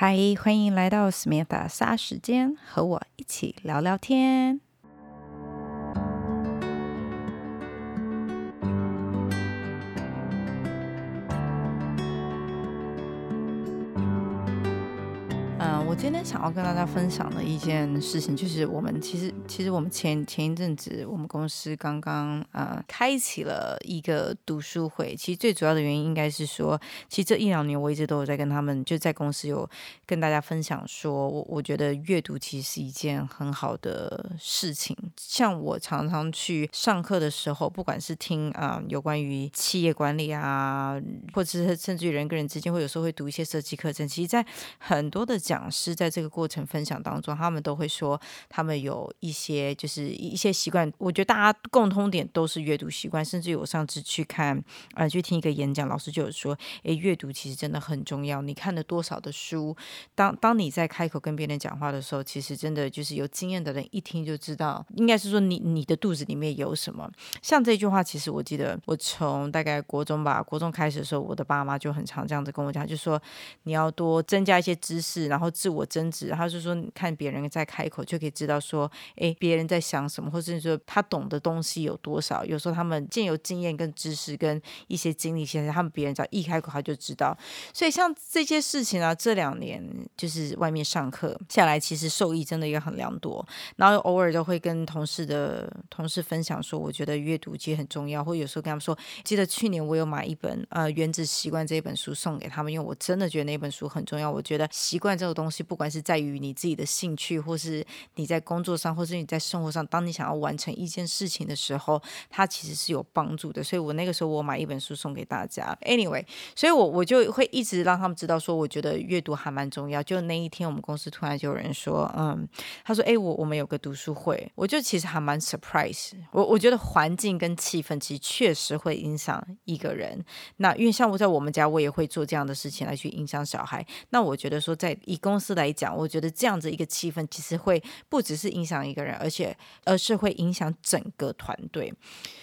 嗨，歡迎來到 Smitha 沙時間，和我一起聊聊天。想要跟大家分享的一件事情，就是我們其實其實我們前、前一陣子，我們公司剛剛呃開啟了一個讀書會。其實最主要的原因應該是說，其實這一兩年我一直都有在跟他們就在公司有跟大家分享說，說我我覺得閱讀其實是一件很好的事情。像我常常去上課的時候，不管是聽啊、呃、有關於企業管理啊，或者是甚至於人跟人之間，會有時候會讀一些設計課程。其實，在很多的講師在這這個過程分享當中，他們都會說他們有一些就是一些習慣，我覺得大家共通點都是閱讀習慣，甚至我上次去看啊、去、呃、聽一個演講，老師就有說，誒，閱讀其實真的很重要，你看了多少的書，當當你在開口跟別人講話的時候，其實真的就是有經驗的人一聽就知道，應該是說你你的肚子裡面有什麼。像這句話，其實我記得我從大概國中吧，國中開始的時候，我的爸媽就很常這樣子跟我講，就說你要多增加一些知識，然後自我增增值，他就說你看別人在開口，就可以知道說，哎，別人在想什麼，或者說他懂的東西有多少。有時候他們既有經驗、跟知識、跟一些經歷，現在他們別人只要一開口，他就知道。所以像這些事情啊，這兩年就是外面上課下來，其實受益真的也很良多。然後偶爾就會跟同事的同事分享說，我覺得閱讀其實很重要。或有時候跟他們說，記得去年我有買一本呃《原子習慣》這一本書送給他們，因為我真的覺得那本書很重要。我覺得習慣這個東西，不管還是在於你自己的興趣，或是你在工作上，或是你在生活上。當你想要完成一件事情的時候，它其實是有幫助的。所以我那個時候我買一本書送給大家。Anyway，所以我我就會一直讓他們知道說，我覺得閱讀還蠻重要。就那一天，我們公司突然就有人說，嗯，他說，哎、欸，我我們有個讀書會，我就其實還蠻 surprise。我我覺得環境跟氣氛其實確實會影響一個人。那因為像我在我們家，我也會做這樣的事情來去影響小孩。那我覺得說，在以公司來。講，我覺得這樣子一個氣氛，其實會不只是影響一個人，而且而是會影響整個團隊。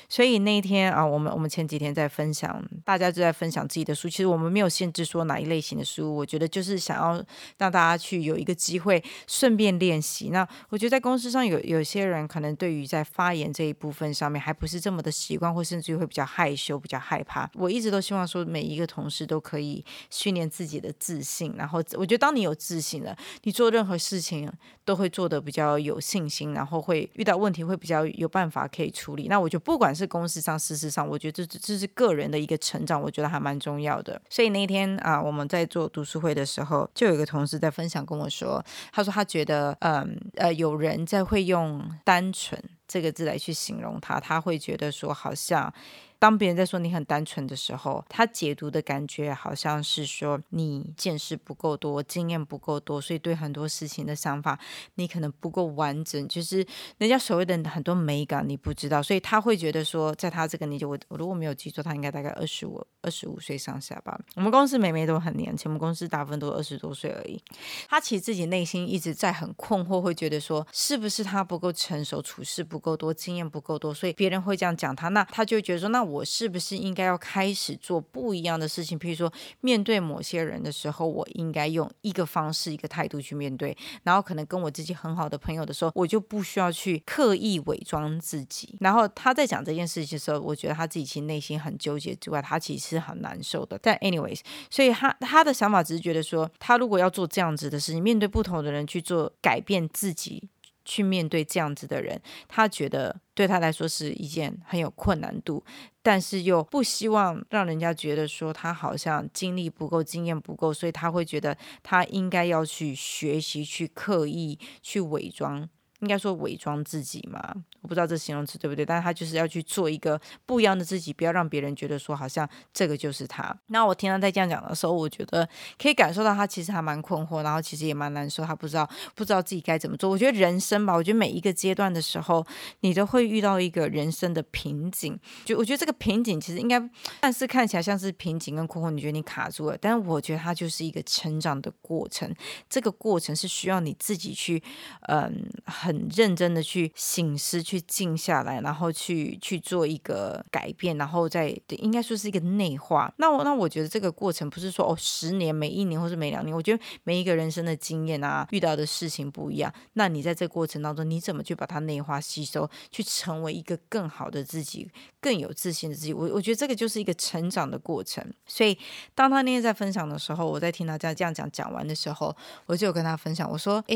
所以那一天啊，我們我們前幾天在分享，大家就在分享自己的書。其實我們沒有限制說哪一類型的書，我覺得就是想要讓大家去有一個機會，順便練習。那我覺得在公司上有有些人可能對於在發言這一部分上面還不是這麼的習慣，或甚至於會比較害羞、比較害怕。我一直都希望說，每一個同事都可以訓練自己的自信。然後我覺得當你有自信了。你做任何事情都會做得比較有信心，然後會遇到問題會比較有辦法可以處理。那我覺得不管是公事上、私事上，我覺得這這是個人的一個成長，我覺得還蠻重要的。所以那一天啊，我們在做讀書會的時候，就有一個同事在分享跟我說，他說他覺得，嗯呃，有人在會用“單純”這個字來去形容他，他會覺得說好像。當別人在說你很單純的時候，他解讀的感覺好像是說你見識不夠多，經驗不夠多，所以對很多事情的想法你可能不夠完整，就是人家所謂的很多美感你不知道，所以他會覺得說，在他這個年紀，我我如果沒有記錯，他應該大概二十五二十五歲上下吧。我們公司美眉都很年輕，我們公司大部分都二十多歲而已。他其實自己內心一直在很困惑，會覺得說是不是他不夠成熟，處事不夠多，經驗不夠多，所以別人會這樣講他，那他就會覺得說那。我是不是應該要開始做不一樣的事情？比如說，面對某些人的時候，我應該用一個方式、一個態度去面對。然後，可能跟我自己很好的朋友的時候，我就不需要去刻意偽裝自己。然後，他在講這件事情的時候，我覺得他自己其實內心很糾結之外，他其實很難受的。但 anyways，所以他他的想法只是覺得說，他如果要做這樣子的事情，面對不同的人去做改變自己。去面對這樣子的人，他覺得對他來說是一件很有困難度，但是又不希望讓人家覺得說他好像精力不夠、經驗不夠，所以他會覺得他應該要去學習、去刻意、去偽裝。應該說偽裝自己嘛？我不知道這形容詞對不對，但是他就是要去做一個不一樣的自己，不要讓別人覺得說好像這個就是他。那我聽他在這樣講的時候，我覺得可以感受到他其實還蠻困惑，然後其實也蠻難受，他不知道不知道自己該怎麼做。我覺得人生吧，我覺得每一個階段的時候，你都會遇到一個人生的瓶頸。就我覺得這個瓶頸其實應該，但是看起來像是瓶頸跟困惑，你覺得你卡住了，但是我覺得它就是一個成長的過程。這個過程是需要你自己去，嗯，很。認真的去省思，去靜下來，然後去去做一個改變，然後再對應該說是一個內化。那我那我覺得這個過程不是說哦，十年每一年或是每兩年，我覺得每一個人生的經驗啊，遇到的事情不一樣。那你在這過程當中，你怎麼去把它內化吸收，去成為一個更好的自己，更有自信的自己？我我覺得這個就是一個成長的過程。所以當他那天在分享的時候，我在聽他這樣講講完的時候，我就有跟他分享，我說：“哎。”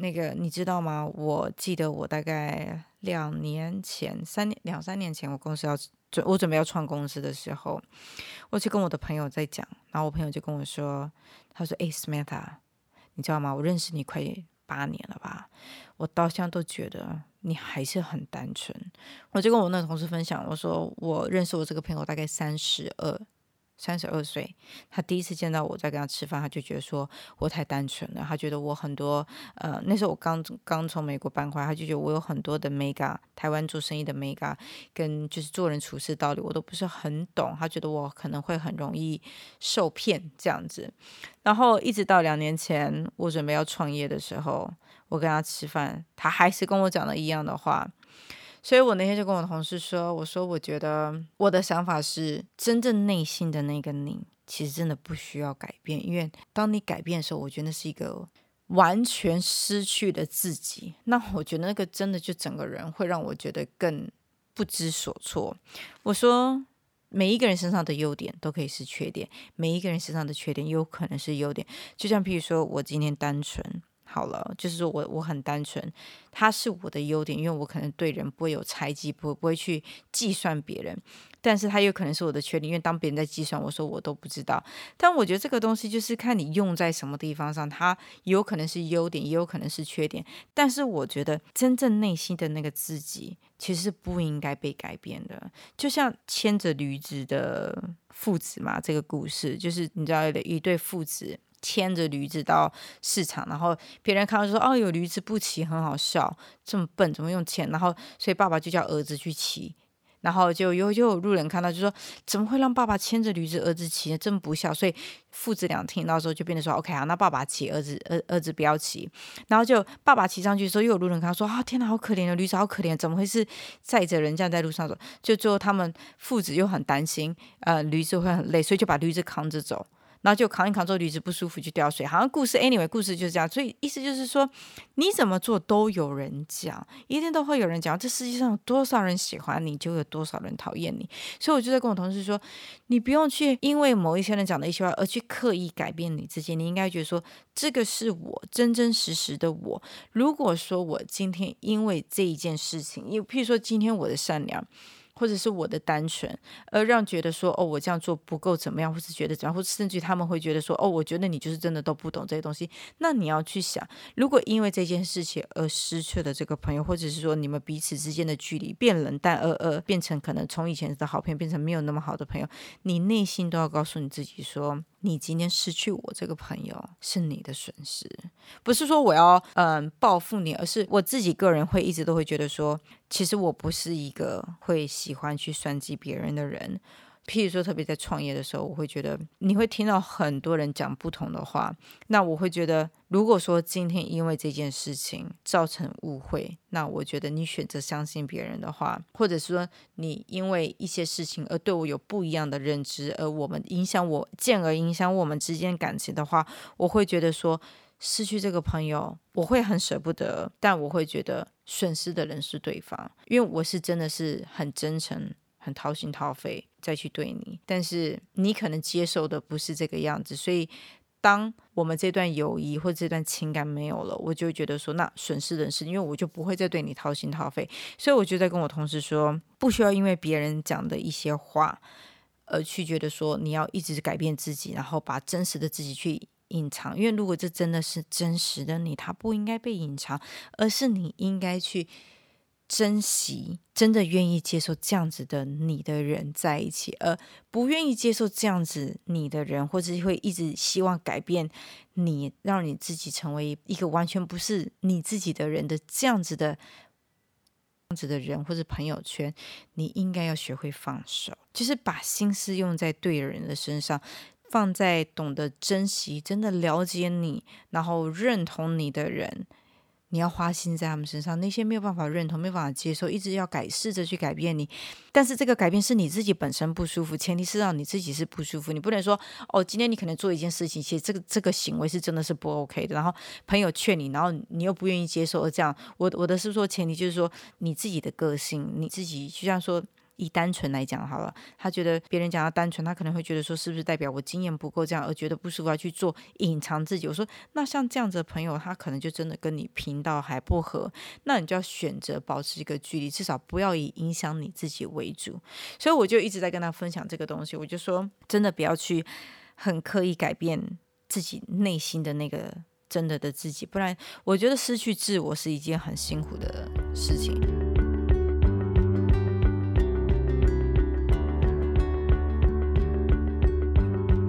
那個你知道嗎？我記得我大概兩年前，三年，兩三年前，我公司要準我準備要創公司的時候，我就跟我的朋友在講，然後我朋友就跟我說，他說：“哎，Samantha，你知道嗎？我認識你快八年了吧，我到現在都覺得你還是很單純。”我就跟我那個同事分享，我說：“我認識我這個朋友大概三十二。”三十二歲，他第一次見到我在跟他吃飯，他就覺得說我太單純了。他覺得我很多呃，那時候我剛剛從美國搬回來，他就覺得我有很多的 mega 台灣做生意的 mega 跟就是做人處事道理我都不是很懂。他覺得我可能會很容易受騙這樣子。然後一直到兩年前我準備要創業的時候，我跟他吃飯，他還是跟我講的一樣的話。所以我那天就跟我同事說，我說我覺得我的想法是，真正內心的那個你，其實真的不需要改變，因為當你改變的時候，我覺得那是一個完全失去的自己。那我覺得那個真的就整個人會讓我覺得更不知所措。我說，每一個人身上的優點都可以是缺點，每一個人身上的缺點有可能是優點。就像比如說，我今天單純。好了，就是說我我很單純，它是我的優點，因為我可能對人不會有猜忌，不會不會去計算別人。但是它有可能是我的缺點，因為當別人在計算，我說我都不知道。但我覺得這個東西就是看你用在什麼地方上，它有可能是優點，也有可能是缺點。但是我覺得真正內心的那個自己，其實不應該被改變的。就像牽着驢子的父子嘛，這個故事就是你知道的一對父子，牽着驢子到市場，然後別人看到說：“哦，有驢子不騎，很好笑，這麼笨，怎麼用牽？”然後，所以爸爸就叫兒子去騎，然後就又又有路人看到就說：“怎麼會讓爸爸牽着驢子，兒子騎？真不孝。”所以父子倆聽到之後就變得說：“OK 啊，那爸爸騎，兒子兒兒子不要騎。”然後就爸爸騎上去的時候又有路人看到說：“啊、哦，天哪，好可憐的驢子，好可憐，怎麼會是載着人家在路上走？”就最後他們父子又很擔心，呃，驢子會很累，所以就把驢子扛着走。然後就扛一扛，這驢子不舒服就掉水，好像故事。Anyway，故事就是這樣。所以意思就是說，你怎麼做都有人講，一定都會有人講。這世界上有多少人喜歡你，就有多少人討厭你。所以我就在跟我同事說，你不用去因為某一些人講的一些話而去刻意改變你自己。你應該覺得說，這個是我真真實實的我。如果說我今天因為這一件事情，也譬如說今天我的善良，或者是我的單純，而讓覺得說哦，我這樣做不夠怎麼樣，或是覺得怎樣，或甚至他們會覺得說哦，我覺得你就是真的都不懂這些東西。那你要去想，如果因為這件事情而失去了這個朋友，或者是說你們彼此之間的距離變冷淡，呃呃，變成可能從以前的好朋友變成沒有那麼好的朋友，你內心都要告訴你自己說，你今天失去我這個朋友是你的損失，不是說我要嗯報復你，而是我自己個人會一直都會覺得說。其實我不是一個會喜歡去算計別人的人，譬如說，特別在創業的時候，我會覺得你會聽到很多人講不同的話。那我會覺得，如果說今天因為這件事情造成誤會，那我覺得你選擇相信別人的話，或者是說你因為一些事情而對我有不一樣的認知，而我們影響我，進而影響我們之間感情的話，我會覺得說失去這個朋友，我會很捨不得，但我會覺得。損失的人是對方，因為我是真的是很真誠、很掏心掏肺再去對你，但是你可能接受的不是這個樣子，所以當我們這段友誼或這段情感沒有了，我就覺得說那損失的人是，因為我就不會再對你掏心掏肺，所以我就在跟我同事說，不需要因為別人講的一些話，而去覺得說你要一直改變自己，然後把真實的自己去隱藏，因為如果這真的是真實的你，他不應該被隱藏，而是你應該去珍惜，真的願意接受這樣子的你的人在一起，而不願意接受這樣子你的人，或者會一直希望改變你，讓你自己成為一個完全不是你自己的人的這樣子的，這樣子的人或者朋友圈，你應該要學會放手，就是把心思用在對的人的身上。放在懂得珍惜，真的了解你，然後認同你的人，你要花心在他們身上。那些沒有辦法認同，沒有辦法接受，一直要改，試着去改變你。但是這個改變是你自己本身不舒服，前提是讓你自己是不舒服。你不能說哦，今天你可能做一件事情，其實這個這個行為是真的是不 OK 的。然後朋友勸你，然後你又不願意接受這樣。我我的是說，前提就是說你自己的個性，你自己就像說。以單純來講好了，他覺得別人講他單純，他可能會覺得說是不是代表我經驗不夠這樣而覺得不舒服，要去做隱藏自己。我說那像這樣子的朋友，他可能就真的跟你頻道還不合，那你就要選擇保持一個距離，至少不要以影響你自己為主。所以我就一直在跟他分享這個東西，我就說真的不要去很刻意改變自己內心的那個真的的自己，不然我覺得失去自我是一件很辛苦的事情。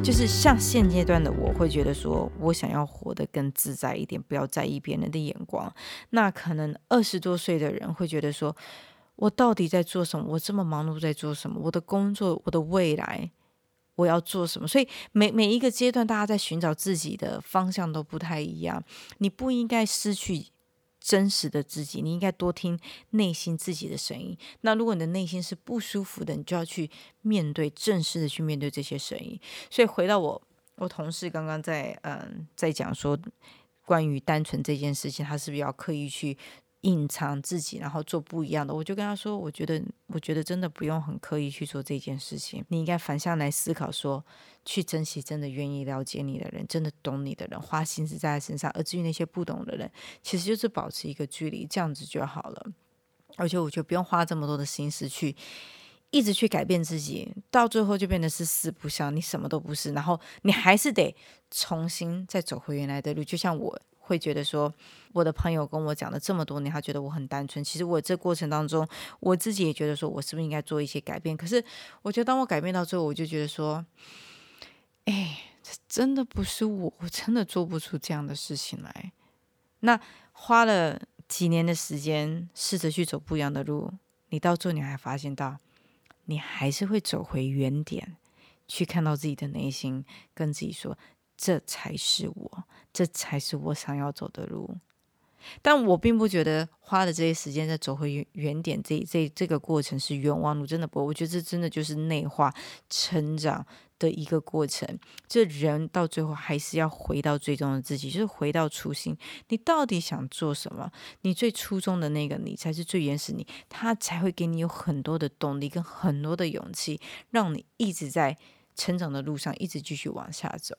就是像現階段的我，會覺得說我想要活得更自在一點，不要在意別人的眼光。那可能二十多歲的人會覺得說我到底在做什麼？我這麼忙碌在做什麼？我的工作，我的未來，我要做什麼？所以每每一個階段，大家在尋找自己的方向都不太一樣。你不應該失去。真實的自己，你應該多聽內心自己的聲音。那如果你的內心是不舒服的，你就要去面對，正式的去面對這些聲音。所以回到我，我同事剛剛在嗯在講說關於單純這件事情，他是不是要刻意去？隱藏自己，然後做不一樣的。我就跟他說：“我覺得，我覺得真的不用很刻意去做這件事情。你應該反向來思考說，說去珍惜真的願意了解你的人，真的懂你的人，花心思在他身上。而至於那些不懂的人，其實就是保持一個距離，這樣子就好了。而且我就不用花這麼多的心思去一直去改變自己，到最後就變得是四不像，你什麼都不是，然後你還是得重新再走回原來的路。就像我。”會覺得說，我的朋友跟我講了這麼多年，他覺得我很單純。其實我這過程當中，我自己也覺得說，我是不是應該做一些改變？可是我覺得，當我改變到最後，我就覺得說，哎，這真的不是我，我真的做不出這樣的事情來。那花了幾年的時間，試着去走不一樣的路，你到最後你還發現到，你還是會走回原點，去看到自己的內心，跟自己說。這才是我，這才是我想要走的路。但我並不覺得花的這些時間在走回原點，這這這個過程是冤枉路，真的不。我覺得這真的就是內化成長的一個過程。這人到最後還是要回到最終的自己，就是回到初心。你到底想做什麼？你最初衷的那個你才是最原始你，他才會給你有很多的動力跟很多的勇氣，讓你一直在成長的路上一直繼續往下走。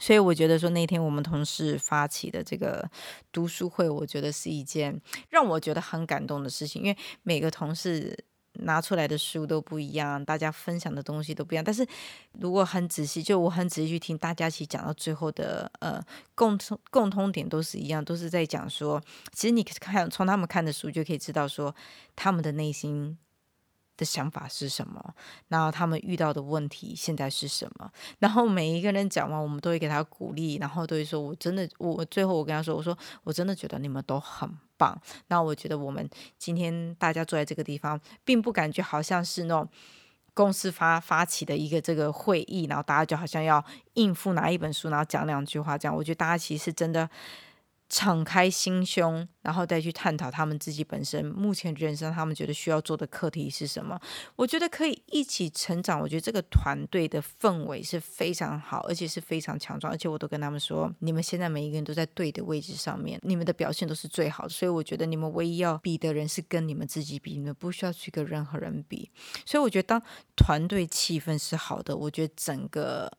所以我覺得說，那天我們同事發起的這個讀書會，我覺得是一件讓我覺得很感動的事情，因為每個同事拿出來的書都不一樣，大家分享的東西都不一樣。但是如果很仔細，就我很仔細去聽，大家其實講到最後的呃共同共通點都是一樣，都是在講說，其實你看從他們看的書就可以知道說他們的內心。的想法是什麼？然後他們遇到的問題現在是什麼？然後每一個人講完，我們都會給他鼓勵，然後都會說：“我真的，我最後我跟他說，我說我真的覺得你們都很棒。”然後我覺得我們今天大家坐在這個地方，並不感覺好像是那種公司發發起的一個這個會議，然後大家就好像要應付哪一本書，然後講兩句話這樣。我覺得大家其實真的。敞開心胸，然後再去探討他們自己本身目前人生，他們覺得需要做的課題是什麼？我覺得可以一起成長。我覺得這個團隊的氛圍是非常好，而且是非常強壯。而且我都跟他們說，你們現在每一個人都在對的位置上面，你們的表現都是最好的。所以我覺得你們唯一要比的人是跟你們自己比，你們不需要去跟任何人比。所以我覺得當團隊氣氛是好的，我覺得整個。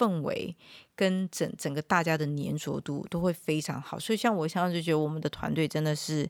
氛圍跟整整個大家的粘着度都會非常好，所以像我現在就覺得我們的團隊真的是。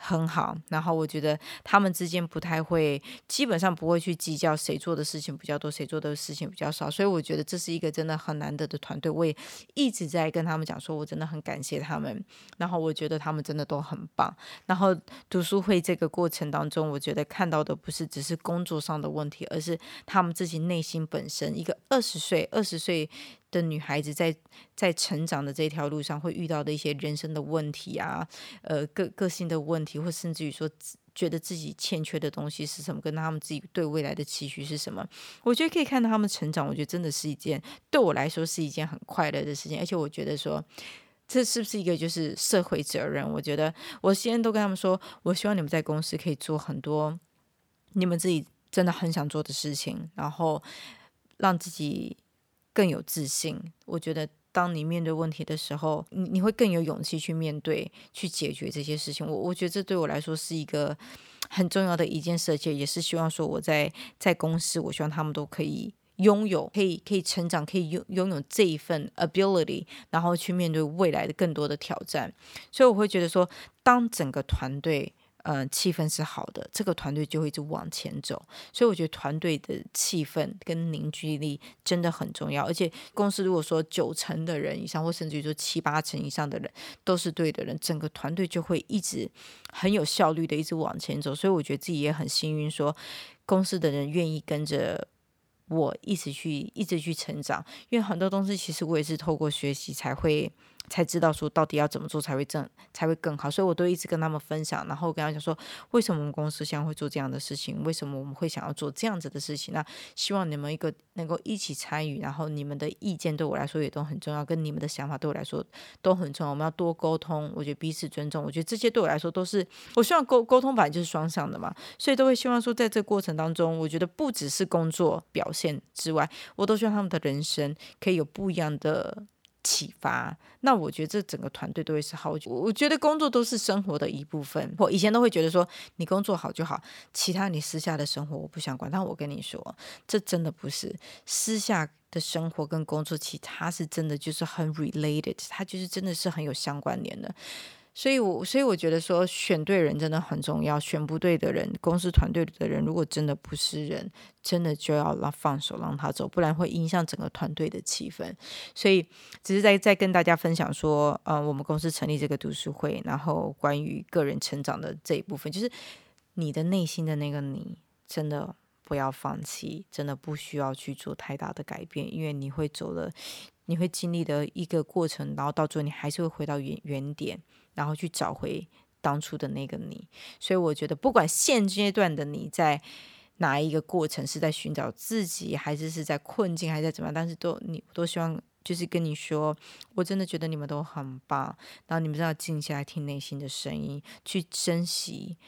很好，然後我覺得他們之間不太會，基本上不會去計較誰做的事情比較多，誰做的事情比較少，所以我覺得這是一個真的很難得的團隊。我也一直在跟他們講，說我真的很感謝他們，然後我覺得他們真的都很棒。然後讀書會這個過程當中，我覺得看到的不是只是工作上的問題，而是他們自己內心本身。一個二十歲，二十歲。的女孩子在在成長的這條路上會遇到的一些人生的問題啊，呃，個個性的問題，或甚至於說覺得自己欠缺的東西是什麼，跟他們自己對未來的期許是什麼，我覺得可以看到他們成長，我覺得真的是一件對我來說是一件很快樂的事情，而且我覺得說這是不是一個就是社會責任？我覺得我現在都跟他們說，我希望你們在公司可以做很多你們自己真的很想做的事情，然後讓自己。更有自信，我覺得當你面對問題的時候，你你會更有勇氣去面對、去解決這些事情。我我覺得這對我來說是一個很重要的一件事情，也是希望說我在在公司，我希望他們都可以擁有、可以可以成長、可以擁擁有這一份 ability，然後去面對未來的更多的挑戰。所以我會覺得說，當整個團隊。嗯，氣氛是好的，這個團隊就會一直往前走。所以我覺得團隊的氣氛跟凝聚力真的很重要。而且公司如果說九成的人以上，或甚至於說七八成以上的人都是對的人，整個團隊就會一直很有效率的一直往前走。所以我覺得自己也很幸運，說公司的人願意跟着我一直去，一直去成長。因為很多東西其實我也是透過學習才會。才知道說到底要怎麼做才會正，才會更好，所以我都一直跟他們分享，然後跟他講說為什麼我們公司現在會做這樣的事情，為什麼我們會想要做這樣子的事情呢？那希望你們一個能夠一起參與，然後你們的意見對我來說也都很重要，跟你們的想法對我來說都很重要。我們要多溝通，我覺得彼此尊重，我覺得這些對我來說都是，我希望溝溝通本來就是雙向的嘛，所以都會希望說，在這個過程當中，我覺得不只是工作表現之外，我都希望他們的人生可以有不一樣的。啟發，那我覺得這整個團隊都會是好。我覺得工作都是生活的一部分。我以前都會覺得說，你工作好就好，其他你私下的生活我不想管。但我跟你說，這真的不是私下的生活跟工作，其他是真的就是很 related，它就是真的是很有相關聯的。所以我，我所以我覺得說，選對人真的很重要，選不對的人，公司團隊的人如果真的不是人，真的就要讓放手讓他走，不然會影響整個團隊的氣氛。所以，只是在在跟大家分享說，呃，我們公司成立這個讀書會，然後關於個人成長的這一部分，就是你的內心的那個你，真的不要放棄，真的不需要去做太大的改變，因為你會走了，你會經歷的一個過程，然後到最後你還是會回到原原點。然後去找回當初的那個你，所以我覺得不管現階段的你在哪一個過程，是在尋找自己，還是是在困境，還是在怎麼樣，但是都你都希望就是跟你說，我真的覺得你們都很棒。然後你們要靜下來聽內心的聲音，去珍惜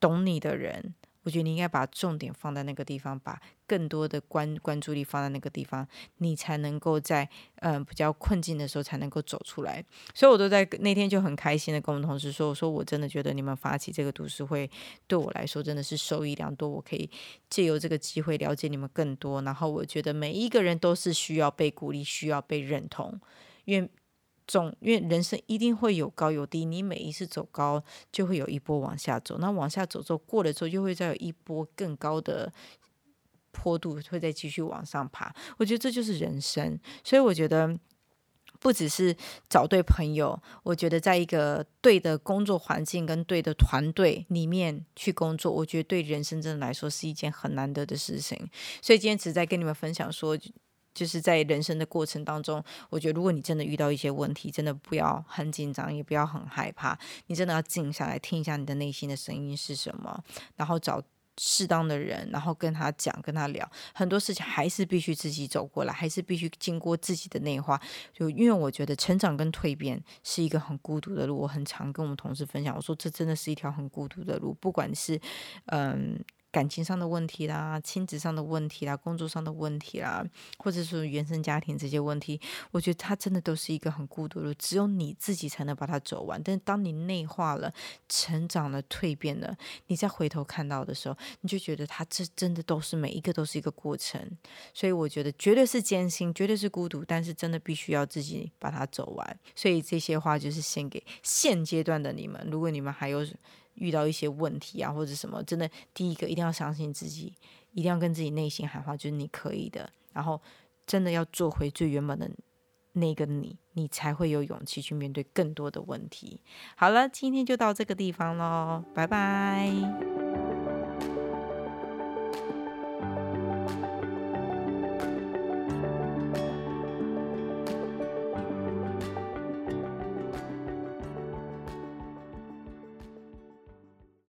懂你的人。我覺得你應該把重點放在那個地方，把更多的關關注力放在那個地方，你才能夠在嗯、呃、比較困境的時候才能夠走出來。所以我都在那天就很開心的跟我們同事說，我說我真的覺得你們發起這個讀書會對我來說真的是受益良多，我可以借由這個機會了解你們更多。然後我覺得每一個人都是需要被鼓勵，需要被認同，因為。總因為人生一定會有高有低，你每一次走高就會有一波往下走，那往下走走過了之後，又會再有一波更高的坡度，會再繼續往上爬。我覺得這就是人生，所以我覺得不只是找對朋友，我覺得在一個對的工作環境跟對的團隊裡面去工作，我覺得對人生真的來說是一件很難得的事情。所以今天只在跟你們分享說。就是在人生的過程當中，我覺得如果你真的遇到一些問題，真的不要很緊張，也不要很害怕，你真的要靜下來聽一下你的內心的聲音是什麼，然後找適當的人，然後跟他講、跟他聊。很多事情還是必須自己走過來，還是必須經過自己的內化。就因為我覺得成長跟蛻變是一個很孤獨的路，我很常跟我們同事分享，我說這真的是一條很孤獨的路，不管是，嗯。感情上的問題啦，親子上的問題啦，工作上的問題啦，或者是原生家庭這些問題，我覺得它真的都是一個很孤獨的，只有你自己才能把它走完。但當你內化了、成長了、蛻變了，你再回頭看到的時候，你就覺得它這真的都是每一個都是一個過程。所以我覺得絕對是艱辛，絕對是孤獨，但是真的必須要自己把它走完。所以這些話就是獻給現階段的你們，如果你們還有。遇到一些問題啊，或者什麼，真的，第一個一定要相信自己，一定要跟自己內心喊話，就是你可以的。然後，真的要做回最原本的那個你，你才會有勇氣去面對更多的問題。好了，今天就到這個地方嘍，拜拜。